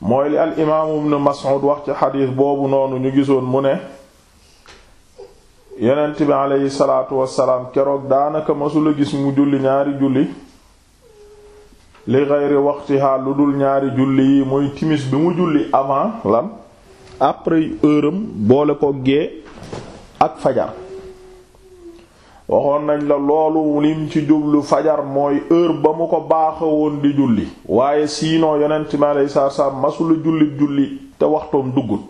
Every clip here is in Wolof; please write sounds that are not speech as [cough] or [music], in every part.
mooy li al imaamu ibnu Mas'ud wax ci xadiis boobu noonu ñu gisoon mu ne yonent bi aleyhi salaatu wassalaam keroog daanaka masula gis mu julli ñaari julli li geyri waxtihaa lu dul ñaari julli yi muy timis bi mu julli avant lan après heure am boole ko gee ak fajar waxoon nañ la loolu lim ci jublu fajar mooy heure ba mu ko baaxa woon di julli waaye sinon yonent mi alayhi salaatu salaam masula julli julli te waxtoom duggut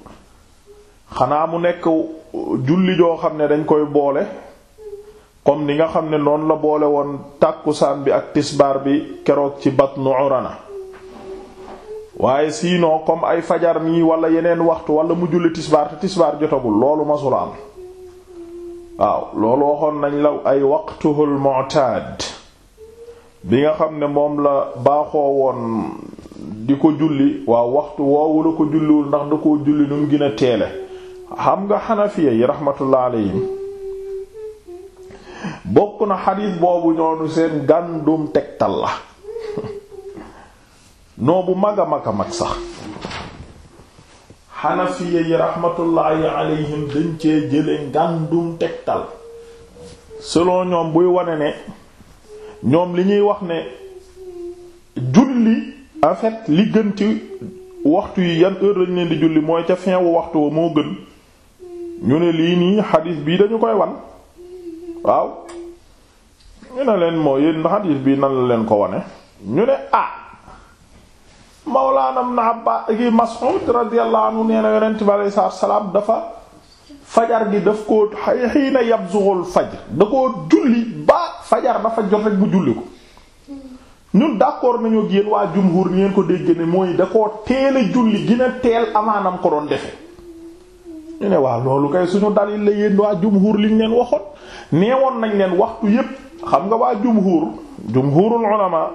xanaa mu nekk julli joo xam ne dañ koy boole comme ni nga xam ne noonu la boole woon tàkkusaan bi ak tisbaar bi keroog ci batnu urana waaye sinon comme ay fajar nii wala yeneen waxtu wala mu julli tisbaar te tisbaar jotagul loolu masula am waaw loolu waxoon nañ la ay waqtuhul mu'tad bi nga xam ne moom la baaxoo woon di ko julli waa waxtu woowu la ko julliwul ndax da koo julli nu mu gën teele xam nga xanafiya yi rahmatullah alayhim bokk na xadiis boobu ñoonu seen dum tegtal la [laughs] noo bu mag a mag a mag sax xanafiya yi rahmatullahi alayhim dañ cee jële ngàndum tegtal selon ñoom buy wone ne ñoom li ñuy wax ne julli en fait li gën ci waxtu yi yan heure lañ leen di julli mooy ca fin wu waxtu wa moo gën ñu ne lii nii xadis bii dañu koy wan waaw ñu ne leen moo yéen xadis bii na la leen ko wane ñu ne ah Mawlaana Ibn Abbaas gi Mas'ud radiyallahu anhu nee na yonent bi alayhi salaatu salaam dafa fajar gi daf koo xiina yabzughul fajr da koo julli ba fajar dafa jot bu julli ko ñun d'accord nañu ak waa jumhur ni ngeen ko dégg ne mooy da koo teel teel amaanam ko doon defe ñu ne waaw loolu kay suñu dalil leen waxoon neewoon nañ leen waxtu yépp xam nga waa jumhur jumhurul ulama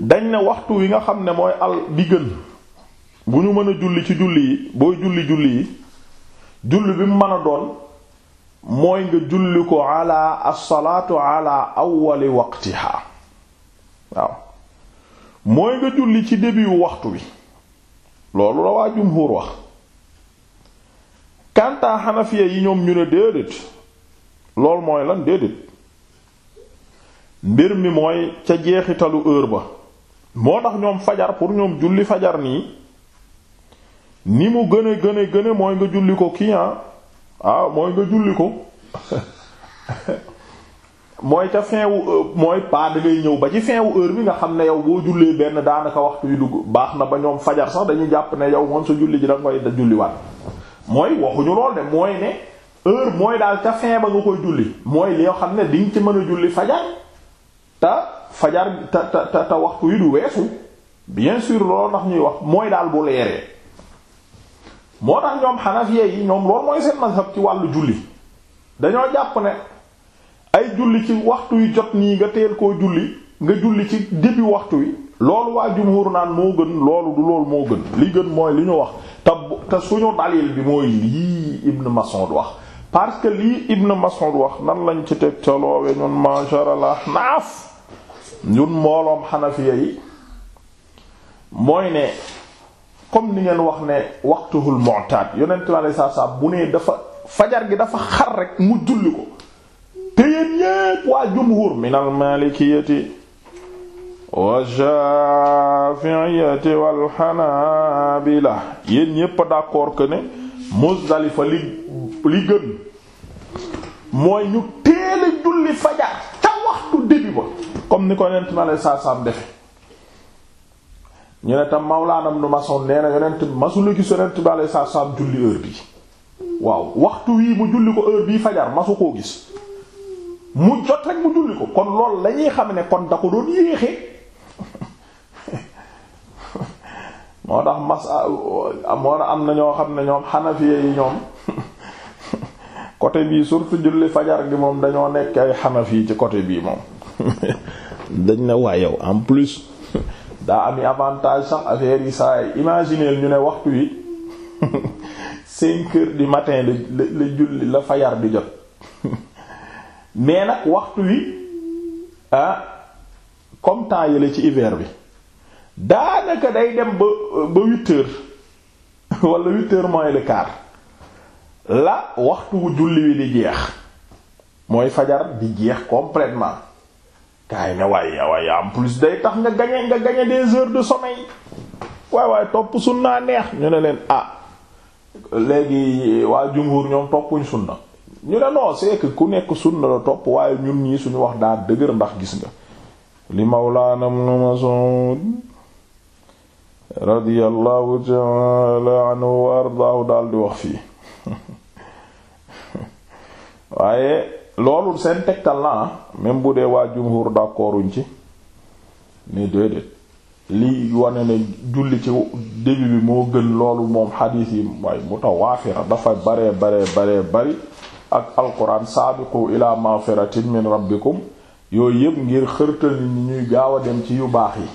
dañ ne waxtu wi nga xam ne mooy al bi gën bu ñu mën a julli ci julli yi booy julli julli yi julli bi mu mën a doon mooy nga julli ko ala as-salaatu ala awwali waqtiha mooy nga julli ci début waxtu wi loolu la waa jumhuur wax kantaa xanafiya yi ñoom ñu ne déedéet loolu mooy lan déedéet mbir mi mooy ca jeexitalu heure ba moo tax ñoom fajar pour ñoom julli fajar nii ni mu gën a gën a gën a mooy nga julli ko kii ah waaw ah, mooy nga julli ko [laughs] mooy ca fin euh, mooy pas da ñëw ba ci fin wu heure bi nga xam ne yow boo jullee benn daanaka waxtu yu dugg baax na ba ñoom fajar sax dañuy jàpp ne yow moom sa julli ji da nga koy da julliwaat mooy waxuñu lool de mooy ne heure mooy daal ca fin ba nga koy julli mooy li xam ne diñ ci mën a julli fajar ta fajar te te te waxtu yi du weesu bien sûr loolu ndax ñuy wax mooy daal bu leeree moo tax ñoom xanafiye yi ñoom loolu mooy seen mazhab ci wàllu julli dañoo jàpp ne ay julli ci waxtu yu jot nii nga teel koo julli nga julli ci début waxtu wi loolu waa jumhur naan moo gën loolu du loolu moo gën li gën mooy li ñu wax te te suñu dalil bi mooy lii Ibn Mas'ud wax parce que lii Ibn Mas'ud wax nan lañ ci teg ca loowe ñun mashar al ahnaf ñun mbooloom xanafiya yi mooy ne comme ni ngeen wax ne waxtuhul mu'tad yonent bi saa saa bu nee dafa fajar gi dafa xar rek mu julli ko te yéen ñépp waa jumhur min malikiyati wa shafi'iyati wal hanabila yéen a d'accord que ne Muzdalifa li li gën mooy ñu teel julli fajar ca waxtu début ba comme ni ko yonent mi aleyhi salaatu salaam defe ñu ne tam mawlaanam nu masoon nee na yonent masula gis yonent bi aleyhi salaatu salaam julli heure bi waaw waxtu wii mu julli ko heure bii fajar masu koo gis mu jot rek mu julli ko kon loolu lañuy xam ne kon da ko doon yéexee [laughs] moo tax mas ah, moo na am na ñoo xam ne ñoom xanafiye yi ñoom [laughs] côté bii surtout julli fajar gi moom dañoo nekk ay xanafi ci côté bii moom [laughs] dañ ne waa yow en plus [laughs] daa ami avantage sax affaire yi saa yi imaginer ñu ne waxtu wi [laughs] cinq heures du matin la la la julli la fayar di jot mais nag waxtu wi ah comme temps yële ci hiver bi daanaka day dem ba ba huit heures wala huit heures la waxtu wu julli wi di jeex mooy fajar di jeex complètement kaay na waaye waaye en plus day tax nga gagner nga gagner des heures de sommeil waaye waaye topp sunnaa neex ñu ne leen ah léegi waa jumhur ñoom toppuñ sunna ñu ne non c'est ku nekk sunna la topp waaye ñun ñii suñu wax daal dëgër ndax gis nga li mawlaana ibn Mas'ud radiyallahu ta'ala anhu wa daal di wax fii [laughs] waaye loolu seen tegtal la même bu dee waa jumhur d'accorduñ ci ne déedéet li wane ne julli ci début bi moo gën loolu moom xadiis yi waaye mutawaafira dafa baree baree baree bari ak alquran saabiqu ila maghfiratin min rabbikum yooyu yëpp ngir xërtal ni ñuy gaaw a dem ci yu baax yi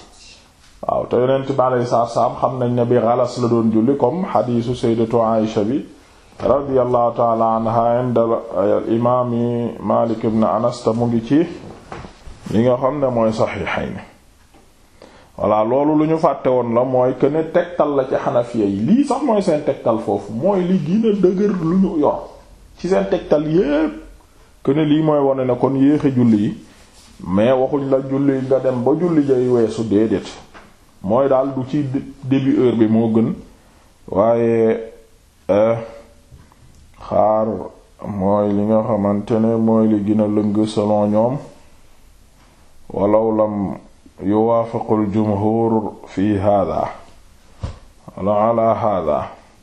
waaw te yonent bi alayhi salaam xam nañ ne bi xalas la doon julli comme xadiisu sayyidatu Aïsha bi radiyallahu taala anha inda imaami Malik ibn Anas mu ngi ci li nga xam ne mooy saxiixayni voilà loolu lu ñu fàtte woon la mooy que tegtal la ci xanafiya yi lii sax mooy seen tegtal foofu mooy li gën a dëgër lu ñu yor ci seen tegtal yépp que lii mooy wane ne kon yéexe julli yi mais waxuñ la julli nga dem ba julli jay weesu déedéet mooy daal du ci début heure bi moo gën waaye. Euh, xaar mooy li nga xamante ne mooy li gën a lëng selon ñoom walaw lam yuwaafiqu al jumhur fi hada wala ala hada